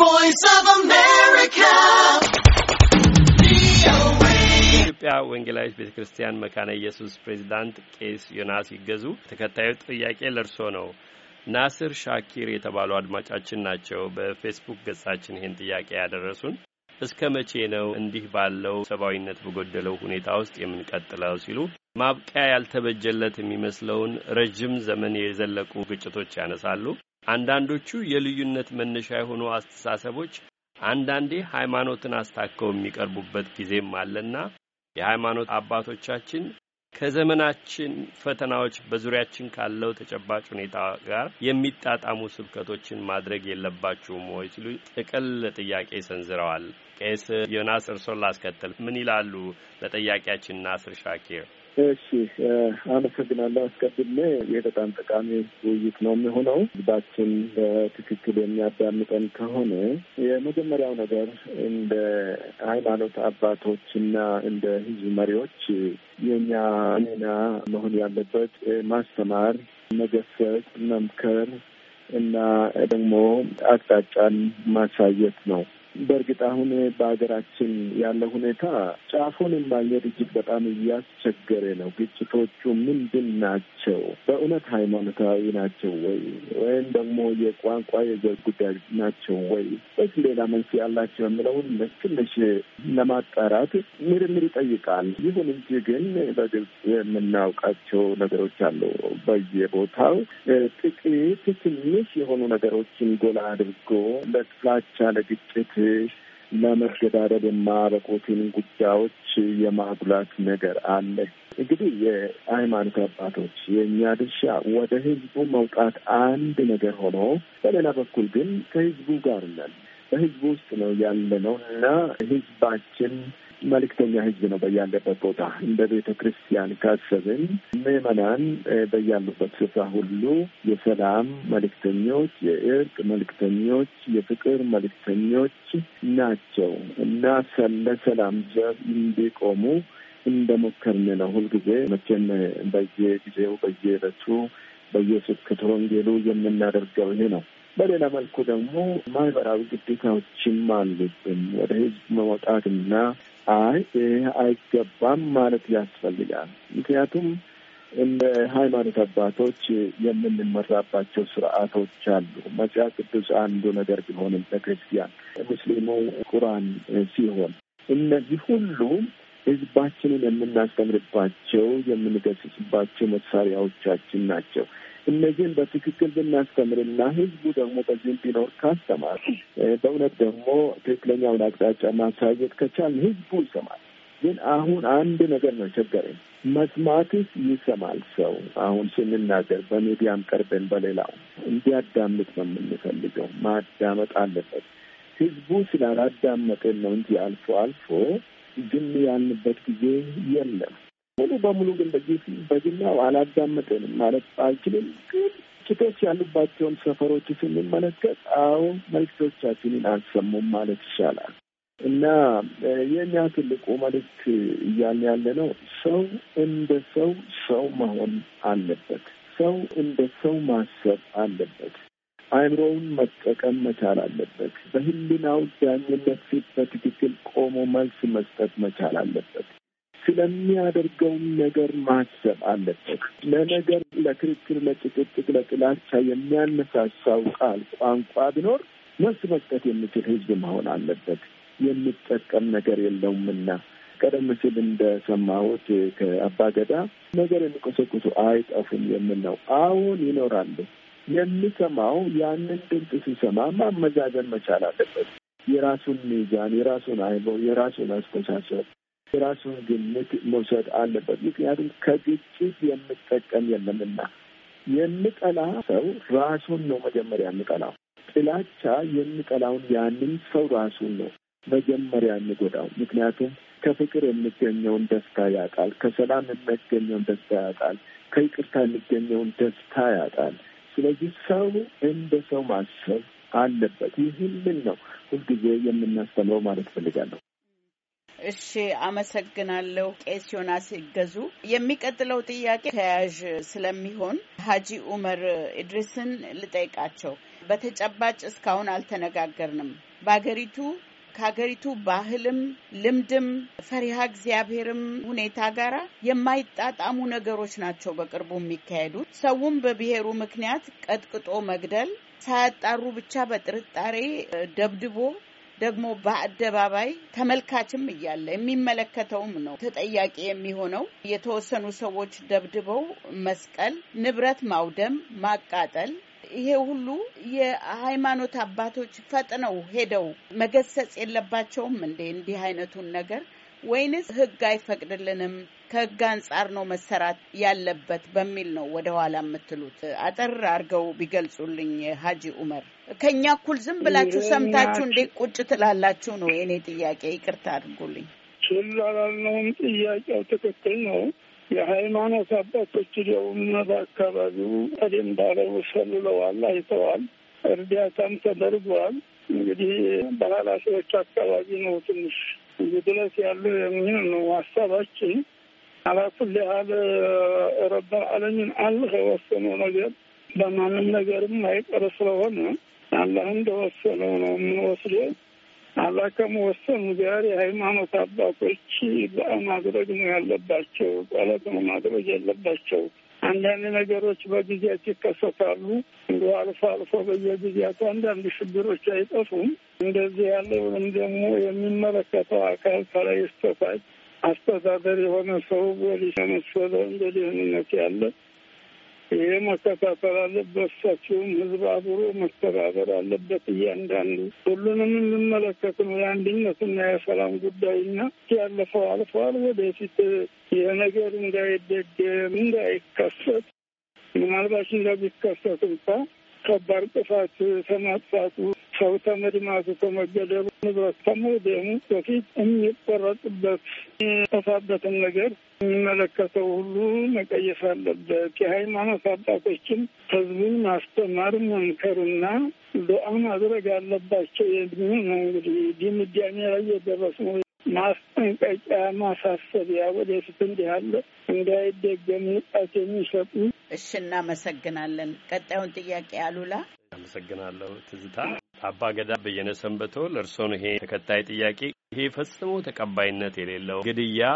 voice of America. ኢትዮጵያ ወንጌላዊት ቤተ ክርስቲያን መካነ ኢየሱስ ፕሬዚዳንት ቄስ ዮናስ ይገዙ፣ ተከታዩ ጥያቄ ለእርስዎ ነው። ናስር ሻኪር የተባሉ አድማጫችን ናቸው። በፌስቡክ ገጻችን ይህን ጥያቄ ያደረሱን እስከ መቼ ነው እንዲህ ባለው ሰብአዊነት በጎደለው ሁኔታ ውስጥ የምንቀጥለው ሲሉ ማብቂያ ያልተበጀለት የሚመስለውን ረዥም ዘመን የዘለቁ ግጭቶች ያነሳሉ። አንዳንዶቹ የልዩነት መነሻ የሆኑ አስተሳሰቦች አንዳንዴ ሃይማኖትን አስታከው የሚቀርቡበት ጊዜም አለና የሃይማኖት አባቶቻችን ከዘመናችን ፈተናዎች በዙሪያችን ካለው ተጨባጭ ሁኔታ ጋር የሚጣጣሙ ስብከቶችን ማድረግ የለባችሁም ወይ ሲሉ ጥቅል ጥያቄ ሰንዝረዋል። ቄስ ዮናስ እርሶን ላስከተል ምን ይላሉ? ለጠያቂያችን ናስር ሻኪር እሺ አመሰግናለሁ። አስቀድሜ ይህ በጣም ጠቃሚ ውይይት ነው የሚሆነው ህዝባችን በትክክል የሚያዳምጠን ከሆነ የመጀመሪያው ነገር እንደ ሃይማኖት አባቶች እና እንደ ህዝብ መሪዎች የኛ ሚና መሆን ያለበት ማስተማር፣ መገሰጥ፣ መምከር እና ደግሞ አቅጣጫን ማሳየት ነው። በእርግጥ አሁን በሀገራችን ያለ ሁኔታ ጫፉንም ማግኘት እጅግ በጣም እያስቸገረ ነው። ግጭቶቹ ምንድን ናቸው? በእውነት ሃይማኖታዊ ናቸው ወይ ወይም ደግሞ የቋንቋ የዘር ጉዳይ ናቸው ወይ ወይስ ሌላ መንስኤ ያላቸው የምለውን ትንሽ ለማጣራት ምርምር ይጠይቃል። ይሁን እንጂ ግን በግልጽ የምናውቃቸው ነገሮች አሉ። በየቦታው ጥቂት ትንሽ የሆኑ ነገሮችን ጎላ አድርጎ ለጥላቻ ለግጭት ለመገዳደል የማያበቁትን ጉዳዮች የማጉላት ነገር አለ። እንግዲህ የሃይማኖት አባቶች የእኛ ድርሻ ወደ ህዝቡ መውጣት አንድ ነገር ሆኖ፣ በሌላ በኩል ግን ከህዝቡ ጋር ነን። በህዝቡ ውስጥ ነው ያለ ነው እና ህዝባችን መልእክተኛ ህዝብ ነው በያለበት ቦታ እንደ ቤተ ክርስቲያን ካሰብን ምዕመናን በያሉበት ስፍራ ሁሉ የሰላም መልእክተኞች፣ የእርቅ መልእክተኞች፣ የፍቅር መልእክተኞች ናቸው እና ለሰላም ዘብ እንዲቆሙ እንደሞከርን ነው። ሁልጊዜ መቼም በየጊዜው በየዕለቱ በየስብከተ ወንጌሉ የምናደርገው ይሄ ነው። በሌላ መልኩ ደግሞ ማህበራዊ ግዴታዎችም አሉብን። ወደ ህዝብ መውጣትና አይ ይህ አይገባም ማለት ያስፈልጋል። ምክንያቱም እንደ ሃይማኖት አባቶች የምንመራባቸው ስርዓቶች አሉ። መጽሐፍ ቅዱስ አንዱ ነገር ቢሆንም ለክርስቲያን ሙስሊሙ ቁርአን ሲሆን እነዚህ ሁሉ ህዝባችንን የምናስተምርባቸው የምንገስጽባቸው መሳሪያዎቻችን ናቸው። እነዚህን በትክክል ብናስተምርና ህዝቡ ደግሞ በዚህም ቢኖር ካስተማር በእውነት ደግሞ ትክክለኛውን አቅጣጫ ማሳየት ከቻል ህዝቡ ይሰማል። ግን አሁን አንድ ነገር ነው የቸገረኝ፣ መስማትስ ይሰማል ሰው አሁን ስንናገር በሚዲያም ቀርበን በሌላው እንዲያዳምጥ ነው የምንፈልገው። ማዳመጥ አለበት። ህዝቡ ስላላዳመጠን ነው እንጂ አልፎ አልፎ ዝም ያልንበት ጊዜ የለም። ሙሉ በሙሉ ግን በዚህ በግላው አላዳመጠንም ማለት አልችልም። ግን ግጭቶች ያሉባቸውን ሰፈሮች ስንመለከት አሁን መልክቶቻችንን አልሰሙም ማለት ይሻላል እና የእኛ ትልቁ መልእክት እያለ ያለ ነው። ሰው እንደ ሰው ሰው መሆን አለበት። ሰው እንደ ሰው ማሰብ አለበት። አእምሮውን መጠቀም መቻል አለበት። በህልናው ዳኝነት ፊት በትክክል ቆሞ መልስ መስጠት መቻል አለበት። ስለሚያደርገውም ነገር ማሰብ አለበት። ለነገር፣ ለክርክር፣ ለጭቅጭቅ፣ ለጥላቻ የሚያነሳሳው ቃል ቋንቋ ቢኖር መልስ መስጠት የሚችል ህዝብ መሆን አለበት። የሚጠቀም ነገር የለውምና ቀደም ሲል እንደሰማሁት ከአባገዳ ነገር የሚቆሰቁሱ አይጠፉም የሚል ነው። አሁን ይኖራሉ። የሚሰማው ያንን ድምፅ ሲሰማ ማመዛዘን መቻል አለበት። የራሱን ሚዛን፣ የራሱን አይቦ፣ የራሱን አስተሳሰብ የራሱን ግምት መውሰድ አለበት። ምክንያቱም ከግጭት የምጠቀም የለምና የምጠላ ሰው ራሱን ነው መጀመሪያ የምጠላው። ጥላቻ የሚጠላውን ያንን ሰው ራሱን ነው መጀመሪያ የሚጎዳው። ምክንያቱም ከፍቅር የሚገኘውን ደስታ ያጣል፣ ከሰላም የሚገኘውን ደስታ ያጣል፣ ከይቅርታ የሚገኘውን ደስታ ያጣል። ስለዚህ ሰው እንደ ሰው ማሰብ አለበት። ይህንን ነው ሁልጊዜ የምናስተምረው ማለት ፈልጋለሁ። እሺ፣ አመሰግናለሁ ቄስ ዮናስ ይገዙ። የሚቀጥለው ጥያቄ ተያያዥ ስለሚሆን ሀጂ ኡመር ኢድሪስን ልጠይቃቸው። በተጨባጭ እስካሁን አልተነጋገርንም። በሀገሪቱ ከሀገሪቱ ባህልም ልምድም ፈሪሃ እግዚአብሔርም ሁኔታ ጋር የማይጣጣሙ ነገሮች ናቸው በቅርቡ የሚካሄዱት። ሰውም በብሔሩ ምክንያት ቀጥቅጦ መግደል፣ ሳያጣሩ ብቻ በጥርጣሬ ደብድቦ ደግሞ በአደባባይ ተመልካችም እያለ የሚመለከተውም ነው ተጠያቂ የሚሆነው። የተወሰኑ ሰዎች ደብድበው መስቀል፣ ንብረት ማውደም፣ ማቃጠል ይሄ ሁሉ የሃይማኖት አባቶች ፈጥነው ሄደው መገሰጽ የለባቸውም እንዴ? እንዲህ አይነቱን ነገር ወይንስ ህግ አይፈቅድልንም ከህግ አንጻር ነው መሰራት ያለበት በሚል ነው ወደኋላ የምትሉት? አጠር አድርገው ቢገልጹልኝ ሀጂ ኡመር። ከእኛ እኩል ዝም ብላችሁ ሰምታችሁ እንዴት ቁጭ ትላላችሁ ነው የእኔ ጥያቄ። ይቅርታ አድርጉልኝ። ችላ ጥያቄው ትክክል ነው። የሃይማኖት አባቶች ደውም በአካባቢው ቀደም ባለው ሰልለዋል፣ አይተዋል፣ እርዳታም ተደርጓል። እንግዲህ በኃላፊዎች አካባቢ ነው ትንሽ ጉድለት ያለው የሚል ነው ሀሳባችን። አላኩል ያህል ረብ አለሚን አለ የወሰነው ነገር በማንም ነገርም አይቀር ስለሆነ አላህ እንደወሰነው ነው የምንወስደው። አላህ ከመወሰኑ ጋር የሃይማኖት አባቶች በማድረግ ነው ያለባቸው፣ ጠለት ነው ማድረግ ያለባቸው። አንዳንድ ነገሮች በጊዜያት ይከሰታሉ። እንደ አልፎ አልፎ በየጊዜያቱ አንዳንድ ችግሮች አይጠፉም። እንደዚህ ያለውንም ደግሞ የሚመለከተው አካል ከላይ እስከታች አስተዳደር የሆነ ሰው ወዲህ መሰለ እንደ ደህንነት ያለ ይሄ መከታተል አለበት። ሰፊውም ህዝብ አብሮ መተባበር አለበት። እያንዳንዱ ሁሉንም የሚመለከት ነው። የአንድነትና የሰላም ጉዳይና ያለፈው አልፏል። ወደፊት ይህ ነገር እንዳይደገም እንዳይከሰት፣ ምናልባት እንዳቢከሰት እንኳ ከባድ ጥፋት ከማጥፋቱ ሰው ተመድማ ከመገደሉ ንብረት ከመውደሙ በፊት የሚቆረጥበት የሚጠፋበትን ነገር የሚመለከተው ሁሉ መቀየስ አለበት። የሃይማኖት አባቶችም ህዝቡን ማስተማር መምከርና ዱዓ ማድረግ አለባቸው የሚል ነው። እንግዲህ ድምዳሜ ላይ የደረስ ነው። ማስጠንቀቂያ፣ ማሳሰቢያ ወደፊት እንዲህ አለ እንዳይደገም ንቃት የሚሰጡ እሺ፣ እናመሰግናለን። ቀጣዩን ጥያቄ አሉላ። አመሰግናለሁ ትዝታ። አባ ገዳ በየነ ሰንበቶ ለእርስዎን ይሄ ተከታይ ጥያቄ ይሄ ፈጽሞ ተቀባይነት የሌለው ግድያ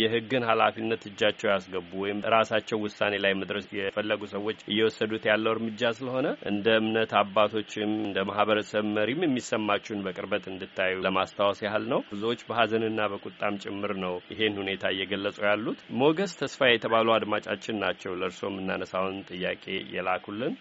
የህግን ኃላፊነት እጃቸው ያስገቡ ወይም ራሳቸው ውሳኔ ላይ መድረስ የፈለጉ ሰዎች እየወሰዱት ያለው እርምጃ ስለሆነ እንደ እምነት አባቶችም እንደ ማህበረሰብ መሪም የሚሰማችሁን በቅርበት እንድታዩ ለማስታወስ ያህል ነው። ብዙዎች በሀዘንና በቁጣም ጭምር ነው ይሄን ሁኔታ እየገለጹ ያሉት። ሞገስ ተስፋ የተባሉ አድማጫችን ናቸው ለእርስዎ የምናነሳውን ጥያቄ የላኩልን።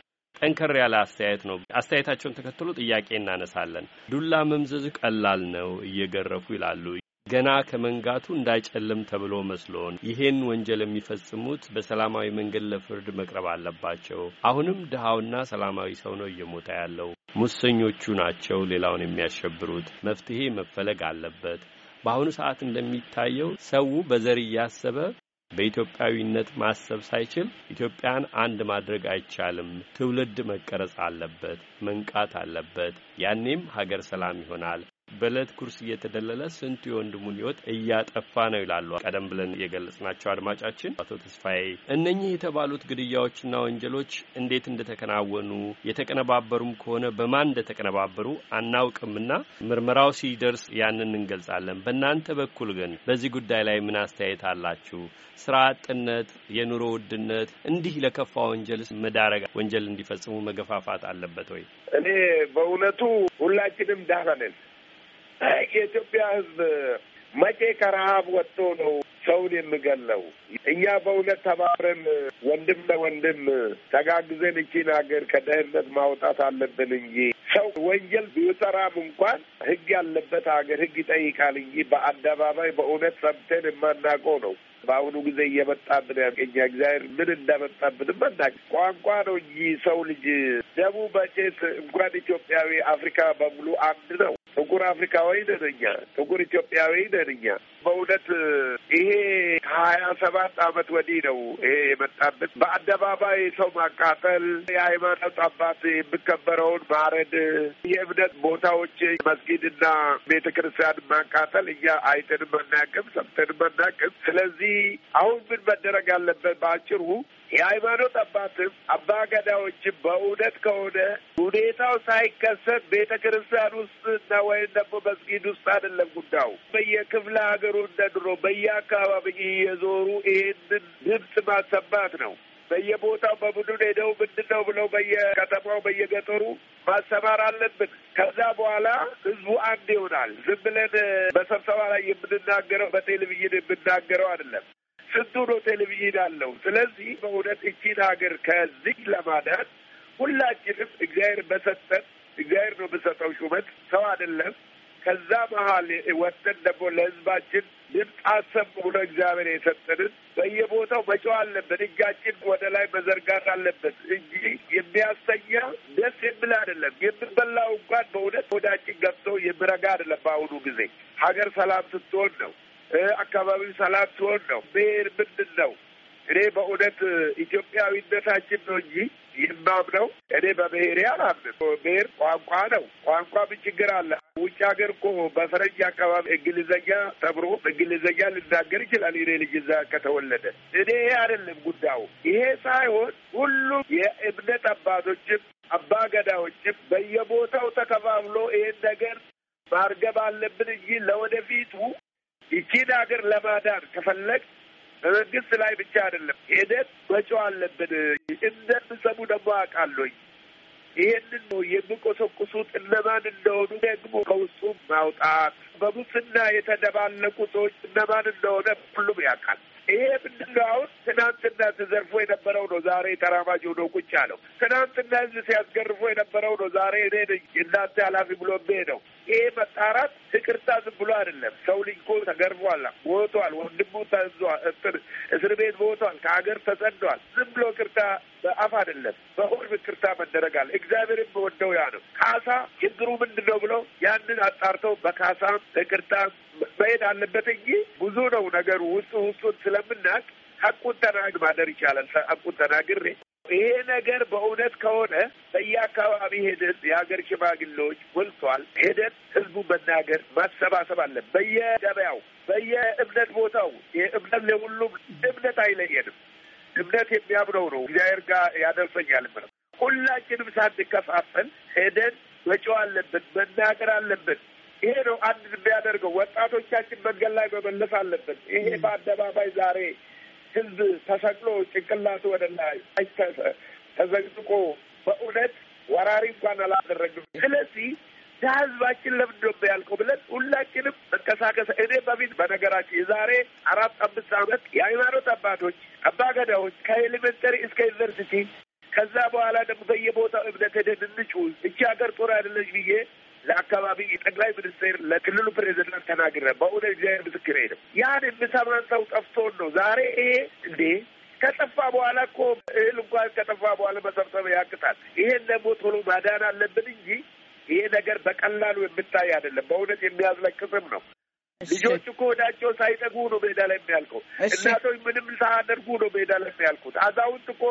ጠንከር ያለ አስተያየት ነው። አስተያየታቸውን ተከትሎ ጥያቄ እናነሳለን። ዱላ መምዘዝ ቀላል ነው እየገረፉ ይላሉ። ገና ከመንጋቱ እንዳይጨልም ተብሎ መስሎን ይሄን ወንጀል የሚፈጽሙት በሰላማዊ መንገድ ለፍርድ መቅረብ አለባቸው። አሁንም ድሃውና ሰላማዊ ሰው ነው እየሞተ ያለው። ሙሰኞቹ ናቸው ሌላውን የሚያሸብሩት። መፍትሄ መፈለግ አለበት። በአሁኑ ሰዓት እንደሚታየው ሰው በዘር እያሰበ በኢትዮጵያዊነት ማሰብ ሳይችል ኢትዮጵያን አንድ ማድረግ አይቻልም። ትውልድ መቀረጽ አለበት፣ መንቃት አለበት። ያኔም ሀገር ሰላም ይሆናል፣ በእለት ኩርስ እየተደለለ ስንቱ የወንድሙን ሕይወት እያጠፋ ነው ይላሉ ቀደም ብለን የገለጽናቸው አድማጫችን አቶ ተስፋዬ። እነኚህ የተባሉት ግድያዎችና ወንጀሎች እንዴት እንደተከናወኑ የተቀነባበሩም ከሆነ በማን እንደተቀነባበሩ አናውቅምና ምርመራው ሲደርስ ያንን እንገልጻለን። በእናንተ በኩል ግን በዚህ ጉዳይ ላይ ምን አስተያየት አላችሁ? ስራ አጥነት፣ የኑሮ ውድነት እንዲህ ለከፋ ወንጀል መዳረግ ወንጀል እንዲፈጽሙ መገፋፋት አለበት ወይ? እኔ በእውነቱ ሁላችንም ደህና ነን። የኢትዮጵያ ሕዝብ መቼ ከረሃብ ወጥቶ ነው ሰውን የምገለው? እኛ በእውነት ተባብረን ወንድም ለወንድም ተጋግዘን እቺን ሀገር ከደህንነት ማውጣት አለብን እንጂ ሰው ወንጀል ቢሰራም እንኳን ሕግ ያለበት ሀገር ሕግ ይጠይቃል እንጂ በአደባባይ በእውነት ሰምተን የማናውቀው ነው በአሁኑ ጊዜ እየመጣብን ያገኛ እግዚአብሔር ምን እንዳመጣብን መና ቋንቋ ነው እንጂ ሰው ልጅ ደቡብ መቼስ እንኳን ኢትዮጵያዊ አፍሪካ በሙሉ አንድ ነው። ጥቁር አፍሪካዊ ነን እኛ፣ ጥቁር ኢትዮጵያዊ ነን እኛ። በእውነት ይሄ ከሀያ ሰባት አመት ወዲህ ነው ይሄ የመጣበት በአደባባይ ሰው ማቃጠል፣ የሃይማኖት አባት የሚከበረውን ማረድ፣ የእምነት ቦታዎች መስጊድና ቤተ ክርስቲያን ማቃጠል እኛ አይተንም አናቅም፣ ሰምተንም አናቅም። ስለዚህ አሁን ምን መደረግ አለበት በአጭሩ የሃይማኖት አባትም አባ ገዳዎችም በእውነት ከሆነ ሁኔታው ሳይከሰት ቤተ ክርስቲያን ውስጥ እና ወይም ደግሞ መስጊድ ውስጥ አይደለም ጉዳዩ። በየክፍለ ሀገሩ እንደ ድሮ በየአካባቢ እየዞሩ ይሄንን ድምፅ ማሰማት ነው። በየቦታው በቡድን ሄደው ምንድን ነው ብለው በየከተማው በየገጠሩ ማሰማር አለብን። ከዛ በኋላ ህዝቡ አንድ ይሆናል። ዝም ብለን በስብሰባ ላይ የምንናገረው በቴሌቪዥን የምናገረው አይደለም። ስንቱ ሆቴል ብይዳለው። ስለዚህ በእውነት እቺን ሀገር ከዚህ ለማዳት ሁላችንም እግዚአብሔር በሰጠን እግዚአብሔር ነው በሰጠው ሹመት ሰው አይደለም። ከዛ መሀል ወጥተን ደግሞ ለህዝባችን ድምፅ አሰሙ ብሎ እግዚአብሔር የሰጠንን በየቦታው መጮህ አለብን። እጃችን ወደ ላይ መዘርጋት አለበት እንጂ የሚያሰኛ ደስ የሚል አይደለም። የምንበላው እንኳን በእውነት ወዳችን ገብቶ የሚረጋ አይደለም። በአሁኑ ጊዜ ሀገር ሰላም ስትሆን ነው አካባቢ ሰላም ሲሆን ነው። ብሔር ምንድን ነው? እኔ በእውነት ኢትዮጵያዊነታችን ነው እንጂ ነው። እኔ በብሔሬ አላምንም። ብሔር ቋንቋ ነው። ቋንቋ ምን ችግር አለ? ውጭ ሀገር እኮ በፈረንጅ አካባቢ እንግሊዘኛ ተምሮ እንግሊዘኛ ልናገር ይችላል። እኔ ልጅ እዛ ከተወለደ እኔ ይሄ አይደለም ጉዳዩ። ይሄ ሳይሆን ሁሉም የእምነት አባቶችም አባገዳዎችም በየቦታው ተከፋፍሎ ይሄን ነገር ማርገብ አለብን እንጂ ለወደፊቱ ይቺን ሀገር ለማዳን ከፈለግ በመንግስት ላይ ብቻ አይደለም ሄደን መጮህ አለብን። እንደምሰሙ ደግሞ አውቃለሁኝ። ይሄንን የሚቆሰቁሱት እነማን እንደሆኑ ደግሞ ከውስጡ ማውጣት፣ በሙስና የተደባለቁ ሰዎች እነማን እንደሆነ ሁሉም ያውቃል። ይሄ ምንድን ነው? አሁን ትናንትና ተዘርፎ የነበረው ነው ዛሬ ተራማጅ ሆኖ ቁጭ ያለው። ትናንትና ህዝብ ሲያስገርፎ የነበረው ነው ዛሬ እኔ ነኝ እናንተ ኃላፊ ብሎ ነው ይሄ መጣራት ይቅርታ ዝም ብሎ አይደለም። ሰው ልጅ እኮ ተገርፏል፣ ወቷል፣ ወንድሙ ታዟል፣ እስር ቤት ወቷል፣ ከሀገር ተሰዷል። ዝም ብሎ ይቅርታ በአፍ አይደለም፣ በሁሉም ይቅርታ መደረግ አለ። እግዚአብሔርም በወደው ያ ነው። ካሳ ችግሩ ምንድን ነው ብለው ያንን አጣርተው በካሳ ይቅርታ መሄድ አለበት እንጂ ብዙ ነው ነገሩ ውስጡ ውስጡን ስለምናቅ ሀቁን ተናግ ማደር ይቻላል። ሀቁን ተናግሬ ይሄ ነገር በእውነት ከሆነ በየአካባቢ ሄደን የሀገር ሽማግሌዎች ወልቷል ሄደን ህዝቡ መናገር ማሰባሰብ አለ። በየገበያው በየእምነት ቦታው የእምነት ለሁሉም እምነት አይለየንም። እምነት የሚያምነው ነው እግዚአብሔር ጋር ያደርሰኛል ብለው ሁላችንም ሳንከፋፈል ሄደን መጮህ አለብን፣ መናገር አለብን። ይሄ ነው አንድ የሚያደርገው። ወጣቶቻችን መንገድ ላይ መመለስ አለብን። ይሄ በአደባባይ ዛሬ ህዝብ ተሰቅሎ ጭንቅላቱ ወደ ላይ ተዘግዝቆ በእውነት ወራሪ እንኳን አላደረግም። ስለዚህ ለህዝባችን ለምንድነው ያልከው ብለን ሁላችንም መንቀሳቀስ እኔ በፊት በነገራችን የዛሬ አራት አምስት ዓመት የሃይማኖት አባቶች አባገዳዎች ከኤሌመንተሪ እስከ ዩኒቨርሲቲ ከዛ በኋላ ደግሞ በየቦታው እምነት ሄደን እንጩ እቺ ሀገር ጦር አይደለች ብዬ ለክልሉ ፕሬዚዳንት ተናግረ በእውነ እግዚአብሔር ምስክር ነው። ያን የምሰማን ሰው ጠፍቶን ነው ዛሬ ይሄ እንዴ ከጠፋ በኋላ እኮ እህል እንኳን ከጠፋ በኋላ መሰብሰብ ያቅታል። ይሄን ደግሞ ቶሎ ማዳን አለብን እንጂ ይሄ ነገር በቀላሉ የምታይ አይደለም። በእውነት የሚያስለቅስም ነው። ልጆች እኮ ወዳቸው ሳይጠጉ ነው ሜዳ ላይ የሚያልቀው። እናቶች ምንም ሳያደርጉ ነው ሜዳ ላይ የሚያልቁት። አዛውንት እኮ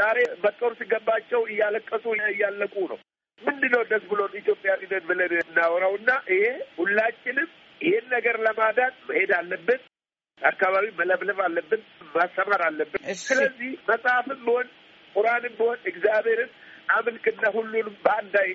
ዛሬ በጦር ሲገባቸው እያለቀሱ እያለቁ ነው። ነው ደስ ብሎ ኢትዮጵያ ሊደት ብለን እናወራው? እና ይሄ ሁላችንም ይህን ነገር ለማዳን መሄድ አለብን። አካባቢ መለፍለፍ አለብን፣ ማሰማር አለብን። ስለዚህ መጽሐፍም ቢሆን ቁርአንም ቢሆን እግዚአብሔርን አምልክና ሁሉንም በአንዳይ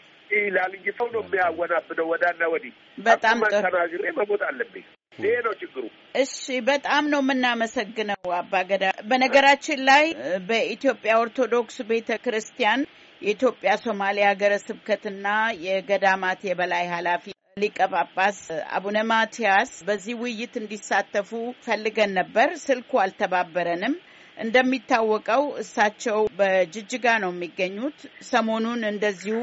ይላል እንጂ ሰው ነው የሚያወናብደው ወዳና ወዲህ። በጣም ተናግሬ መሞት አለብኝ። ይሄ ነው ችግሩ። እሺ፣ በጣም ነው የምናመሰግነው አባገዳ። በነገራችን ላይ በኢትዮጵያ ኦርቶዶክስ ቤተ ክርስቲያን የኢትዮጵያ ሶማሌ ሀገረ ስብከትና የገዳማት የበላይ ኃላፊ ሊቀ ጳጳስ አቡነ ማቲያስ በዚህ ውይይት እንዲሳተፉ ፈልገን ነበር። ስልኩ አልተባበረንም። እንደሚታወቀው እሳቸው በጅጅጋ ነው የሚገኙት። ሰሞኑን እንደዚሁ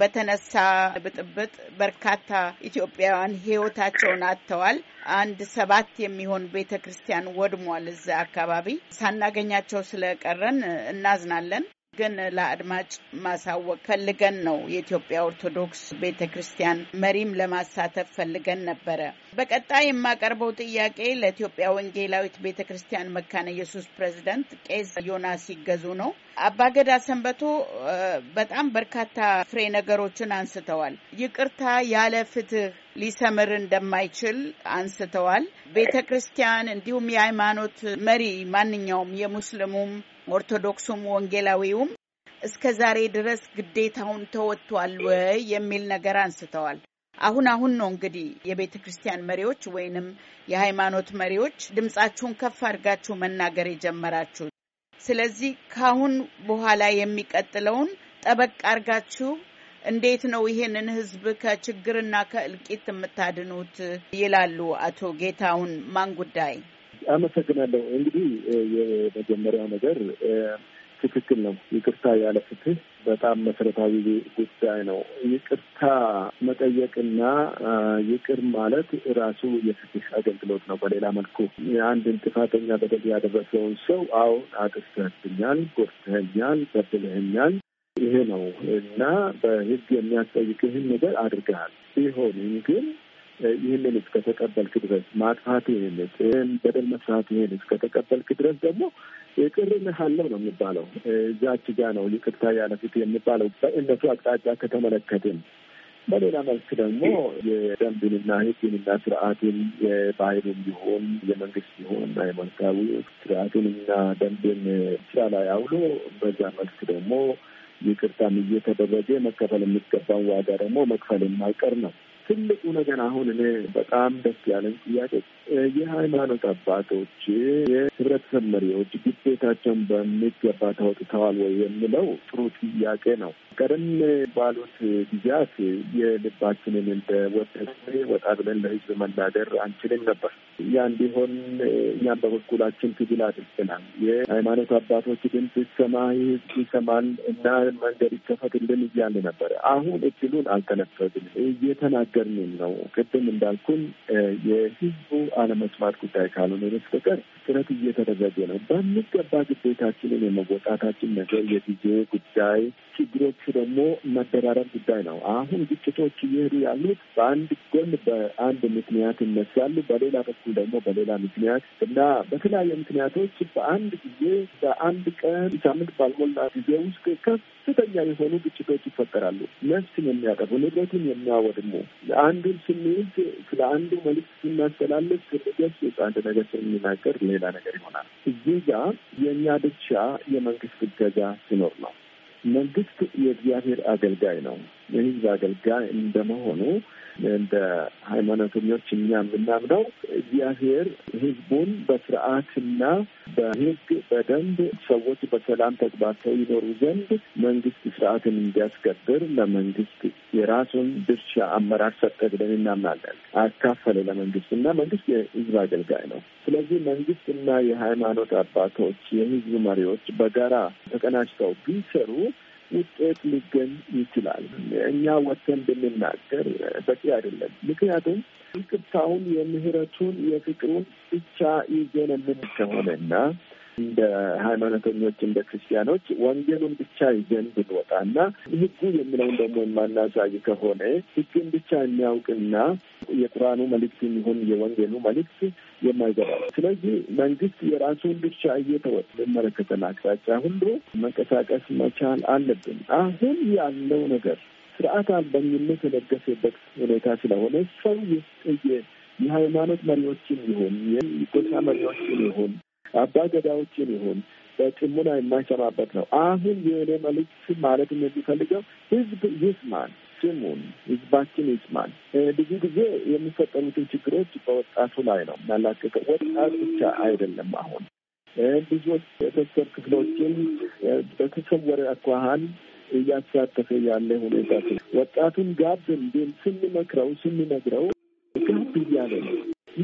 በተነሳ ብጥብጥ በርካታ ኢትዮጵያውያን ሕይወታቸውን አጥተዋል። አንድ ሰባት የሚሆን ቤተ ክርስቲያን ወድሟል። እዛ አካባቢ ሳናገኛቸው ስለቀረን እናዝናለን። ግን ለአድማጭ ማሳወቅ ፈልገን ነው። የኢትዮጵያ ኦርቶዶክስ ቤተ ክርስቲያን መሪም ለማሳተፍ ፈልገን ነበረ። በቀጣይ የማቀርበው ጥያቄ ለኢትዮጵያ ወንጌላዊት ቤተ ክርስቲያን መካነ ኢየሱስ ፕሬዚደንት ቄስ ዮናስ ሲገዙ ነው። አባገዳ ሰንበቶ በጣም በርካታ ፍሬ ነገሮችን አንስተዋል። ይቅርታ ያለ ፍትህ ሊሰምር እንደማይችል አንስተዋል። ቤተ ክርስቲያን እንዲሁም የሃይማኖት መሪ ማንኛውም የሙስሊሙም ኦርቶዶክሱም ወንጌላዊውም እስከ ዛሬ ድረስ ግዴታውን ተወጥቷል ወይ የሚል ነገር አንስተዋል። አሁን አሁን ነው እንግዲህ የቤተ ክርስቲያን መሪዎች ወይንም የሃይማኖት መሪዎች ድምፃችሁን ከፍ አድርጋችሁ መናገር የጀመራችሁት። ስለዚህ ካሁን በኋላ የሚቀጥለውን ጠበቅ አድርጋችሁ እንዴት ነው ይሄንን ህዝብ ከችግርና ከእልቂት የምታድኑት? ይላሉ አቶ ጌታሁን ማን ጉዳይ አመሰግናለሁ። እንግዲህ የመጀመሪያው ነገር ትክክል ነው። ይቅርታ ያለ ፍትህ በጣም መሰረታዊ ጉዳይ ነው። ይቅርታ መጠየቅና ይቅር ማለት ራሱ የፍትህ አገልግሎት ነው። በሌላ መልኩ አንድን ጥፋተኛ በደል ያደረሰውን ሰው አሁን አጥፍተህብኛል፣ ጎድተኸኛል፣ በድለኸኛል ይሄ ነው እና በህግ የሚያስጠይቅህን ነገር አድርገሃል ቢሆንም ግን ይህንን እስከተቀበልክ ድረስ ማጥፋት ይህን በደል መስራት ይህን እስከተቀበልክ ድረስ ደግሞ ይቅር እልሃለሁ ነው የሚባለው። እዛች ጋ ነው ይቅርታ ያለፊት የሚባለው በእምነቱ አቅጣጫ ከተመለከትን። በሌላ መልክ ደግሞ የደንብንና ሕግንና ስርዓትን የባህልን ይሁን የመንግስት ይሁን ሃይማኖታዊ ስርዓትንና ደንብን ስራ ላይ አውሎ በዛ መልክ ደግሞ ይቅርታም እየተደረገ መከፈል የሚገባን ዋጋ ደግሞ መክፈልም አይቀር ነው። ትልቁ ነገር አሁን እኔ በጣም ደስ ያለኝ ጥያቄ የሃይማኖት አባቶች፣ የህብረተሰብ መሪዎች ግዴታቸውን በሚገባ ተወጥተዋል ወይ የሚለው ጥሩ ጥያቄ ነው። ቀደም ባሉት ጊዜያት የልባችንን እንደ ወደስ ወጣ ብለን ለህዝብ መናገር አንችልም ነበር። ያ እንዲሆን እኛም በበኩላችን ትግል አድርገናል። የሃይማኖት አባቶች ግን ሲሰማ ህዝብ ይሰማል እና መንገድ ይከፈትልን እያለ ነበር። አሁን እድሉን አልተነፈግም፣ እየተናገርንም ነው። ቅድም እንዳልኩን የህዝቡ አለመስማት ጉዳይ ካልሆነ በስተቀር ጥረት እየተደረገ ነው። በሚገባ ግዴታችንን የመወጣታችን ነገር የጊዜ ጉዳይ፣ ችግሮቹ ደግሞ መደራረብ ጉዳይ ነው። አሁን ግጭቶች እየሄዱ ያሉት በአንድ ጎን በአንድ ምክንያት ይነሳሉ፣ በሌላ በኩል ደግሞ በሌላ ምክንያት እና በተለያዩ ምክንያቶች በአንድ ጊዜ በአንድ ቀን ሳምንት ባልሞላ ጊዜ ውስጥ ከፍ ከፍተኛ የሆኑ ግጭቶች ይፈጠራሉ። ነፍስን የሚያጠፉ ንብረትን የሚያወድሙ አንዱን ስሜት ስለ አንዱ መልዕክት ስናስተላልፍ ስንገስ አንድ ነገር ስንናገር ሌላ ነገር ይሆናል። እዚህ ጋ የእኛ ድርሻ የመንግስት እገዛ ሲኖር ነው። መንግስት የእግዚአብሔር አገልጋይ ነው። የህዝብ አገልጋይ እንደመሆኑ እንደ ሃይማኖተኞች እኛ የምናምነው እግዚአብሔር ህዝቡን በስርዓትና በህግ በደንብ ሰዎች በሰላም ተግባብተው ይኖሩ ዘንድ መንግስት ስርዓትን እንዲያስከብር ለመንግስት የራሱን ድርሻ አመራር ሰጠ ብለን እናምናለን። አካፈለ ለመንግስት እና መንግስት የህዝብ አገልጋይ ነው። ስለዚህ መንግስት እና የሃይማኖት አባቶች፣ የህዝብ መሪዎች በጋራ ተቀናጅተው ቢሰሩ ውጤት ሊገኝ ይችላል። እኛ ወጥተን ብንናገር በቂ አይደለም። ምክንያቱም ይቅርታውን፣ የምህረቱን፣ የፍቅሩን ብቻ ይዘን የምን ከሆነና እንደ ሃይማኖተኞች እንደ ክርስቲያኖች ወንጌሉን ብቻ ይዘን ብንወጣና ህጉ የሚለውን ደግሞ የማናሳይ ከሆነ ህግን ብቻ የሚያውቅና የቁርአኑ መልእክት የሚሆን የወንጌሉ መልእክት የማይገባ ስለዚህ መንግስት የራሱን ድርሻ እየተወጥ መለከተን አቅጣጫ ሁሉ መንቀሳቀስ መቻል አለብን። አሁን ያለው ነገር ስርዓት አልበኝነት የደገሰበት ሁኔታ ስለሆነ ሰው የሃይማኖት መሪዎችን ይሁን የጎሳ መሪዎችን ይሁን አባ ገዳዎችን ይሁን በጭሙና የማይሰማበት ነው። አሁን የእኔ መልእክት ማለት የሚፈልገው ህዝብ ይስማል። ስሙን ህዝባችን ይስማል። ብዙ ጊዜ የሚፈጠሩትን ችግሮች በወጣቱ ላይ ነው እናላቀቀው። ወጣት ብቻ አይደለም አሁን ብዙዎች የተሰር ክፍሎችን በተሰወረ አኳኋን እያሳተፈ ያለ ሁኔታ ወጣቱን ጋብ እንዲል ስንመክረው ስንነግረው ጋብ እያለ ነው።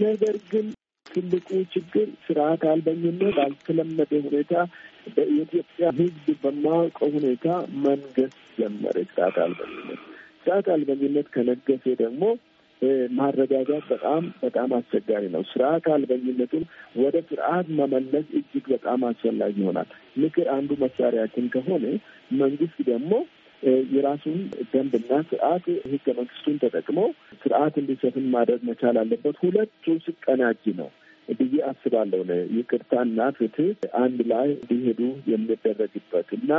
ነገር ግን ትልቁ ችግር ስርዓት አልበኝነት ባልተለመደ ሁኔታ በኢትዮጵያ ህዝብ በማያውቀው ሁኔታ መንገስ ጀመረ። ስርዓት አልበኝነት ጣት አልበኝነት ከነገሴ ደግሞ ማረጋጋት በጣም በጣም አስቸጋሪ ነው። ስርዓት አልበኝነቱን ወደ ስርዓት መመለስ እጅግ በጣም አስፈላጊ ይሆናል። ምክር አንዱ መሳሪያችን ከሆነ መንግስት ደግሞ የራሱን ደንብና ስርዓት ህገ መንግስቱን ተጠቅሞ ስርዓት እንዲሰፍን ማድረግ መቻል አለበት። ሁለቱ ስቀናጅ ነው ብዬ አስባለሁ። ይቅርታና ፍትህ አንድ ላይ እንዲሄዱ የሚደረግበት እና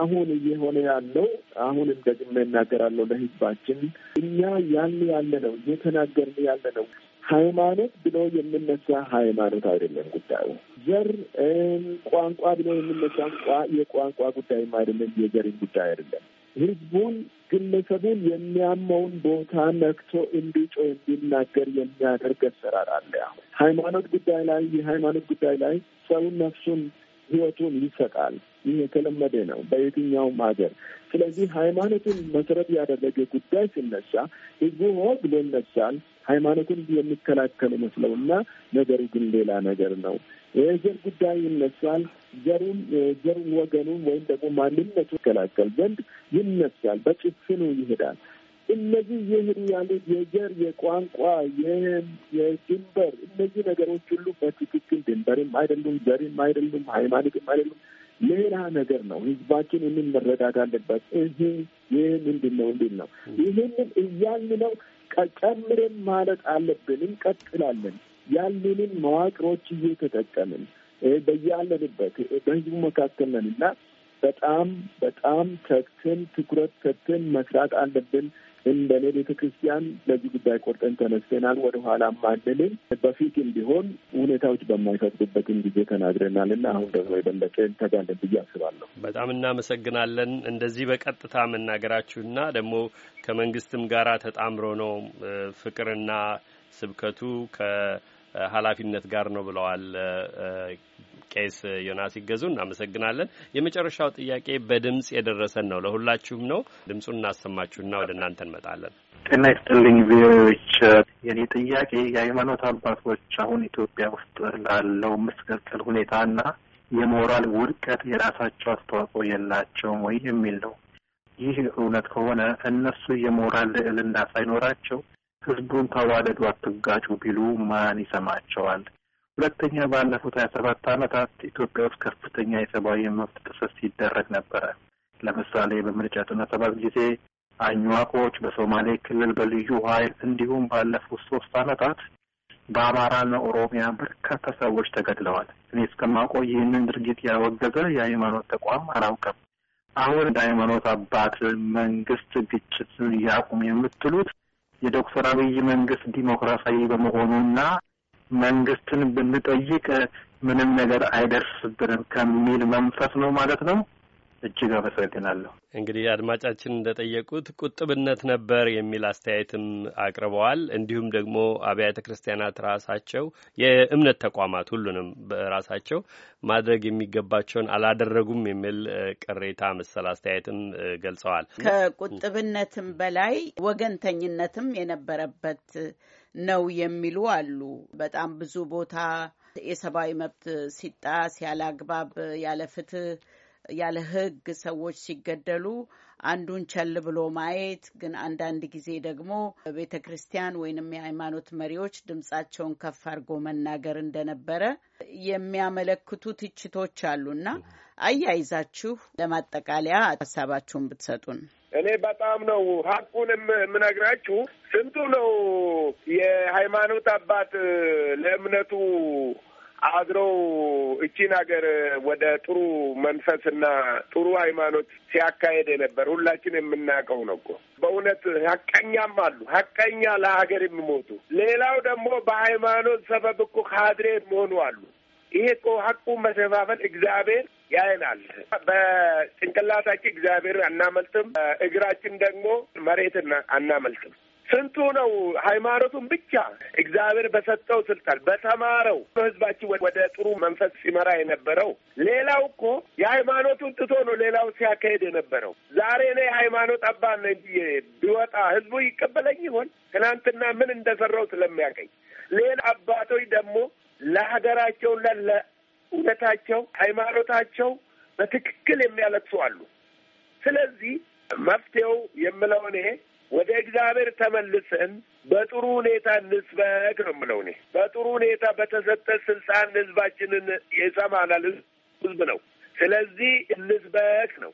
አሁን እየሆነ ያለው አሁንም እንደግመ እናገራለሁ ለህዝባችን እኛ ያን ያለ ነው እየተናገርን ያለ ነው ሃይማኖት ብሎ የምነሳ ሃይማኖት አይደለም ጉዳዩ። ዘር ቋንቋ ብሎ የምነሳ የቋንቋ ጉዳይም አይደለም፣ የዘርን ጉዳይ አይደለም። ህዝቡን፣ ግለሰቡን የሚያመውን ቦታ ነክቶ እንዲጮ እንዲናገር የሚያደርግ አሰራር አለ። ሃይማኖት ጉዳይ ላይ የሃይማኖት ጉዳይ ላይ ሰውን ነፍሱን ህይወቱን ይሰጣል። ይህ የተለመደ ነው በየትኛውም ሀገር። ስለዚህ ሃይማኖትን መሰረት ያደረገ ጉዳይ ሲነሳ ህዝቡ ሆ ብሎ ይነሳል። ሃይማኖትን የሚከላከል እና ነገሩ ግን ሌላ ነገር ነው። የዘር ጉዳይ ይነሳል። ዘሩን ዘሩን ወገኑን ወይም ደግሞ ማንነቱ ይከላከል ዘንድ ይነሳል። በጭፍኑ ይሄዳል። እነዚህ ይህን ያሉ የዘር፣ የቋንቋ፣ የድንበር እነዚህ ነገሮች ሁሉ በትክክል ድንበርም አይደሉም፣ ዘርም አይደሉም፣ ሃይማኖትም አይደሉም። ሌላ ነገር ነው። ህዝባችን ይህንን መረዳት አለበት። ይህ ይህ ምንድን ነው እንዲል ነው። ይህንን እያልን ነው ጨምረን ማለት አለብን። እንቀጥላለን ያሉንን መዋቅሮች እየተጠቀምን በያለንበት በህዝቡ መካከል ነን እና በጣም በጣም ተግተን ትኩረት ሰጥተን መስራት አለብን። እንደኔ ቤተ ክርስቲያን ለዚህ ጉዳይ ቆርጠን ተነስተናል። ኋላ አንልም። በፊትም ቢሆን ሁኔታዎች በማይፈቅዱበትም ጊዜ ተናግረናል እና አሁን ደግሞ የበለጠ እንተጋለን ብዬ አስባለሁ። በጣም እናመሰግናለን። እንደዚህ በቀጥታ መናገራችሁና ደግሞ ከመንግስትም ጋራ ተጣምሮ ነው ፍቅርና ስብከቱ ከኃላፊነት ጋር ነው ብለዋል ቄስ ዮናስ ይገዙ እናመሰግናለን። የመጨረሻው ጥያቄ በድምጽ የደረሰን ነው፣ ለሁላችሁም ነው። ድምፁን እናሰማችሁና ወደ እናንተ እንመጣለን። ጤና ይስጥልኝ ቪኦኤዎች። የኔ ጥያቄ የሃይማኖት አባቶች አሁን ኢትዮጵያ ውስጥ ላለው መስቀልቅል ሁኔታና የሞራል ውድቀት የራሳቸው አስተዋጽኦ የላቸውም ወይ የሚል ነው። ይህ እውነት ከሆነ እነሱ የሞራል ልዕልና ሳይኖራቸው ህዝቡን ተዋደዱ፣ አትጋጩ ቢሉ ማን ይሰማቸዋል? ሁለተኛ ባለፉት ሀያ ሰባት ዓመታት ኢትዮጵያ ውስጥ ከፍተኛ የሰብአዊ መብት ጥሰት ሲደረግ ነበረ። ለምሳሌ በምርጫ ዘጠና ሰባት ጊዜ አኝዋቆች በሶማሌ ክልል በልዩ ኃይል እንዲሁም ባለፉት ሶስት ዓመታት በአማራና ኦሮሚያ በርካታ ሰዎች ተገድለዋል። እኔ እስከማውቀው ይህንን ድርጊት ያወገዘ የሃይማኖት ተቋም አላውቅም። አሁን እንደ ሃይማኖት አባት መንግስት ግጭት ያቁም የምትሉት የዶክተር አብይ መንግስት ዲሞክራሲያዊ በመሆኑና መንግስትን ብንጠይቅ ምንም ነገር አይደርስብንም ከሚል መንፈስ ነው ማለት ነው። እጅግ አመሰግናለሁ። እንግዲህ አድማጫችን እንደጠየቁት ቁጥብነት ነበር የሚል አስተያየትም አቅርበዋል። እንዲሁም ደግሞ አብያተ ክርስቲያናት ራሳቸው የእምነት ተቋማት ሁሉንም በራሳቸው ማድረግ የሚገባቸውን አላደረጉም የሚል ቅሬታ መሰል አስተያየትም ገልጸዋል። ከቁጥብነትም በላይ ወገንተኝነትም የነበረበት ነው የሚሉ አሉ። በጣም ብዙ ቦታ የሰብአዊ መብት ሲጣስ ያለ አግባብ ያለ ፍትህ ያለ ሕግ ሰዎች ሲገደሉ አንዱን ቸል ብሎ ማየት ግን አንዳንድ ጊዜ ደግሞ ቤተ ክርስቲያን ወይንም የሃይማኖት መሪዎች ድምጻቸውን ከፍ አድርጎ መናገር እንደነበረ የሚያመለክቱ ትችቶች አሉና አያይዛችሁ ለማጠቃለያ ሀሳባችሁን ብትሰጡን። እኔ በጣም ነው ሀቁን የምነግራችሁ። ስንቱ ነው የሃይማኖት አባት ለእምነቱ አድረው እቺን ሀገር ወደ ጥሩ መንፈስና ጥሩ ሃይማኖት ሲያካሄድ የነበር ሁላችን የምናውቀው ነው እኮ። በእውነት ሀቀኛም አሉ፣ ሀቀኛ ለሀገር የሚሞቱ ሌላው ደግሞ በሃይማኖት ሰበብ እኮ ካድሬ የሚሆኑ አሉ። ይሄ እኮ ሀቁ መሸፋፈን እግዚአብሔር ያየናል። በጭንቅላታችን እግዚአብሔር አናመልጥም፣ እግራችን ደግሞ መሬት አናመልጥም። ስንቱ ነው ሃይማኖቱን ብቻ እግዚአብሔር በሰጠው ስልጣን በተማረው ህዝባችን ወደ ጥሩ መንፈስ ሲመራ የነበረው። ሌላው እኮ የሃይማኖቱን ትቶ ነው ሌላው ሲያካሄድ የነበረው። ዛሬ እኔ ሃይማኖት አባ ነኝ ቢወጣ ህዝቡ ይቀበለኝ ይሆን? ትናንትና ምን እንደሰራው ስለሚያቀኝ ሌላ አባቶች ደግሞ ለሀገራቸው፣ ለእውነታቸው ሃይማኖታቸው በትክክል የሚያለቅሱ አሉ። ስለዚህ መፍትሄው የምለው እኔ ወደ እግዚአብሔር ተመልሰን በጥሩ ሁኔታ እንስበክ ነው የምለው እኔ። በጥሩ ሁኔታ በተሰጠ ስልጣን ህዝባችንን ይሰማናል። ህዝብ ነው። ስለዚህ እንስበክ ነው።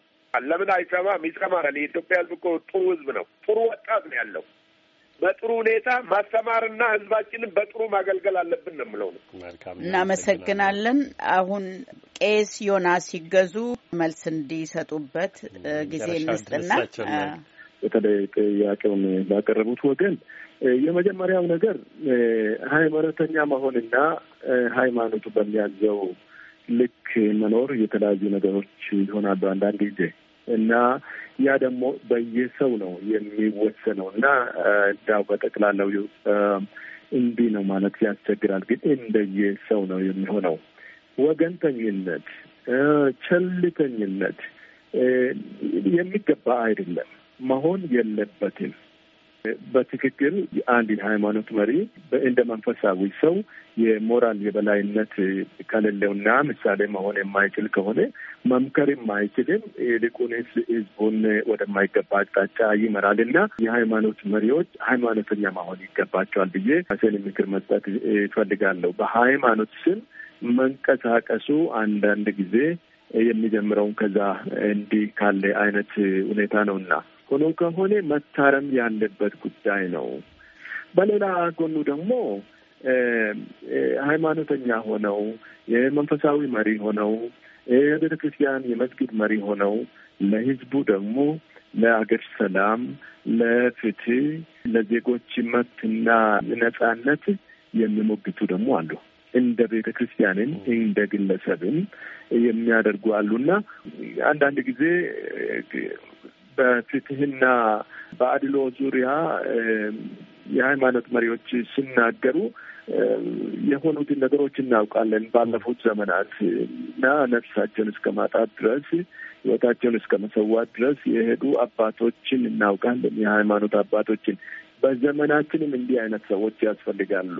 ለምን አይሰማም? ይሰማናል። የኢትዮጵያ ህዝብ እኮ ጥሩ ህዝብ ነው። ጥሩ ወጣት ነው ያለው። በጥሩ ሁኔታ ማስተማርና ህዝባችንን በጥሩ ማገልገል አለብን ነው የምለው። እናመሰግናለን። አሁን ቄስ ዮና ሲገዙ መልስ እንዲሰጡበት ጊዜ እንስጥና በተለይ ጥያቄውን ባቀረቡት ወገን የመጀመሪያው ነገር ሃይማኖተኛ መሆንና ሃይማኖቱ በሚያዘው ልክ መኖር የተለያዩ ነገሮች ይሆናሉ። አንዳንድ ጊዜ እና ያ ደግሞ በየሰው ነው የሚወሰነው እና እንዳው በጠቅላላው እንዲህ ነው ማለት ያስቸግራል። ግን እንደየሰው ነው የሚሆነው። ወገንተኝነት፣ ቸልተኝነት የሚገባ አይደለም፣ መሆን የለበትም። በትክክል አንድ ሃይማኖት መሪ እንደ መንፈሳዊ ሰው የሞራል የበላይነት ከሌለውና ምሳሌ መሆን የማይችል ከሆነ መምከርም አይችልም። ይልቁንስ ህዝቡን ወደማይገባ አቅጣጫ ይመራል እና የሃይማኖት መሪዎች ሃይማኖተኛ መሆን ይገባቸዋል ብዬ ራሴን ምክር መስጠት ይፈልጋለሁ። በሃይማኖት ስም መንቀሳቀሱ አንዳንድ ጊዜ የሚጀምረውን ከዛ እንዲህ ካለ አይነት ሁኔታ ነውና ሆኖ ከሆነ መታረም ያለበት ጉዳይ ነው። በሌላ ጎኑ ደግሞ ሃይማኖተኛ ሆነው የመንፈሳዊ መሪ ሆነው የቤተ ክርስቲያን የመስጊድ መሪ ሆነው ለህዝቡ ደግሞ ለአገር ሰላም፣ ለፍትህ፣ ለዜጎች መብትና ነጻነት የሚሞግቱ ደግሞ አሉ። እንደ ቤተ ክርስቲያንን እንደ ግለሰብን የሚያደርጉ አሉና አንዳንድ ጊዜ በፍትህና በአድሎ ዙሪያ የሃይማኖት መሪዎች ሲናገሩ የሆኑትን ነገሮች እናውቃለን። ባለፉት ዘመናት እና ነፍሳቸውን እስከ ማጣት ድረስ ህይወታቸውን እስከ መሰዋት ድረስ የሄዱ አባቶችን እናውቃለን፣ የሃይማኖት አባቶችን። በዘመናችንም እንዲህ አይነት ሰዎች ያስፈልጋሉ።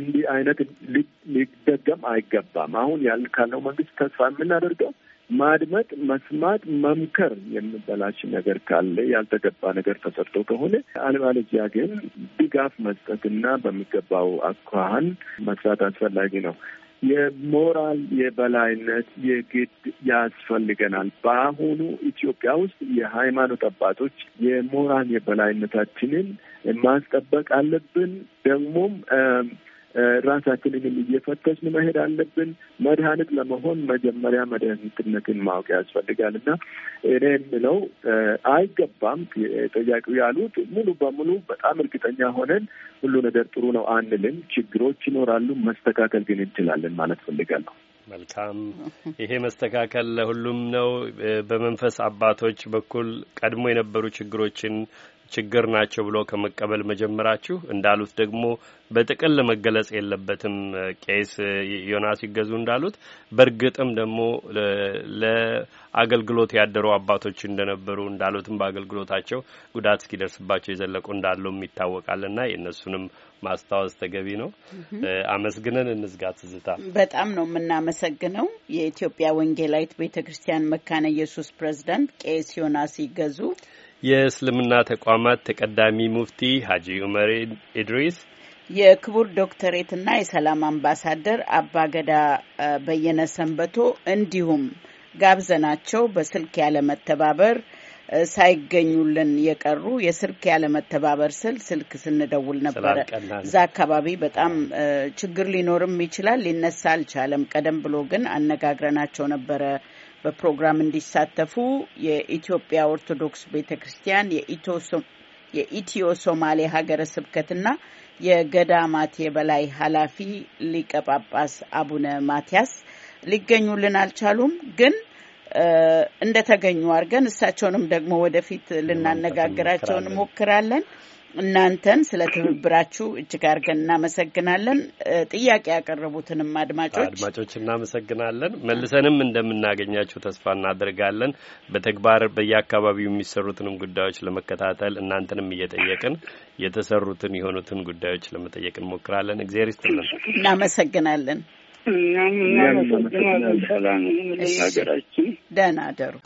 እንዲህ አይነት ሊደገም አይገባም። አሁን ያል ካለው መንግስት ተስፋ የምናደርገው ማድመጥ፣ መስማት፣ መምከር የምበላሽ ነገር ካለ ያልተገባ ነገር ተሰርቶ ከሆነ አለባለዚያ ግን ድጋፍ መስጠትና በሚገባው አኳኋን መስራት አስፈላጊ ነው። የሞራል የበላይነት የግድ ያስፈልገናል። በአሁኑ ኢትዮጵያ ውስጥ የሃይማኖት አባቶች የሞራል የበላይነታችንን ማስጠበቅ አለብን። ደግሞም ራሳችንን እየፈተሽን መሄድ አለብን። መድኃኒት ለመሆን መጀመሪያ መድኃኒትነትን ማወቅ ያስፈልጋል እና እኔ የምለው አይገባም። ጠያቂው ያሉት ሙሉ በሙሉ በጣም እርግጠኛ ሆነን ሁሉ ነገር ጥሩ ነው አንልም። ችግሮች ይኖራሉ፣ መስተካከል ግን እንችላለን ማለት ፈልጋለሁ። መልካም። ይሄ መስተካከል ለሁሉም ነው። በመንፈስ አባቶች በኩል ቀድሞ የነበሩ ችግሮችን ችግር ናቸው ብሎ ከመቀበል መጀመራችሁ እንዳሉት ደግሞ በጥቅል መገለጽ የለበትም። ቄስ ዮናስ ይገዙ እንዳሉት በእርግጥም ደግሞ ለአገልግሎት ያደሩ አባቶች እንደነበሩ እንዳሉትም በአገልግሎታቸው ጉዳት እስኪደርስባቸው የዘለቁ እንዳለውም ይታወቃልና የእነሱንም ማስታወስ ተገቢ ነው። አመስግነን እንዝጋ። ትዝታ በጣም ነው የምናመሰግነው። የኢትዮጵያ ወንጌላዊት ቤተ ክርስቲያን መካነ ኢየሱስ ፕሬዚዳንት ቄስ ዮናስ ይገዙ የእስልምና ተቋማት ተቀዳሚ ሙፍቲ ሀጂ ዑመር ኢድሪስ የክቡር ዶክተሬትና የሰላም አምባሳደር አባገዳ በየነ ሰንበቶ እንዲሁም ጋብዘናቸው በስልክ ያለመተባበር ሳይገኙልን የቀሩ የስልክ ያለመተባበር ስል ስልክ ስንደውል ነበረ። እዛ አካባቢ በጣም ችግር ሊኖርም ይችላል። ሊነሳ አልቻለም። ቀደም ብሎ ግን አነጋግረናቸው ነበረ በፕሮግራም እንዲሳተፉ የኢትዮጵያ ኦርቶዶክስ ቤተ ክርስቲያን የኢትዮ ሶማሌ ሀገረ ስብከትና የገዳማት የበላይ ኃላፊ ሊቀ ጳጳስ አቡነ ማቲያስ ሊገኙልን አልቻሉም። ግን እንደተገኙ አድርገን እሳቸውንም ደግሞ ወደፊት ልናነጋግራቸው እንሞክራለን። እናንተን ስለ ትብብራችሁ እጅግ አድርገን እናመሰግናለን። ጥያቄ ያቀረቡትንም አድማጮች አድማጮች እናመሰግናለን። መልሰንም እንደምናገኛችሁ ተስፋ እናደርጋለን። በተግባር በየአካባቢው የሚሰሩትንም ጉዳዮች ለመከታተል እናንተንም እየጠየቅን የተሰሩትን የሆኑትን ጉዳዮች ለመጠየቅ እንሞክራለን። እግዚአብሔር ይስጥልን። እናመሰግናለን። እናመሰግናለን። ሰላም ይሁን ደህና